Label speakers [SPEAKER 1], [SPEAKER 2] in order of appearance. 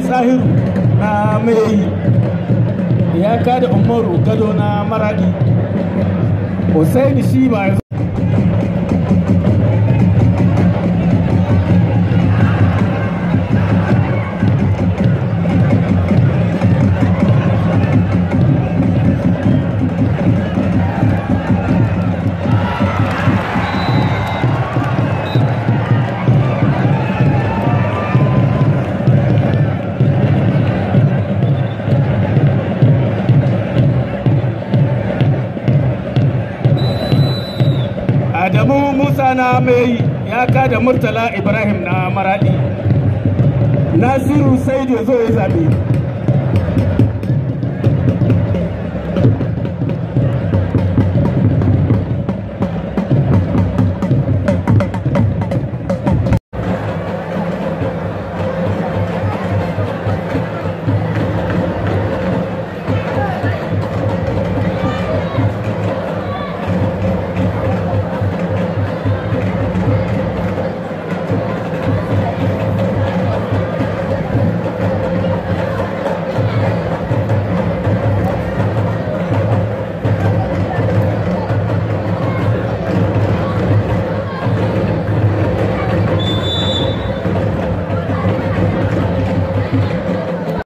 [SPEAKER 1] zahiru na mai ya kada umaru gado na maradi hussaini shi ba ya
[SPEAKER 2] Abu musa na mai
[SPEAKER 1] ya kada murtala ibrahim na maradi nasiru sai da
[SPEAKER 3] zo ya zabe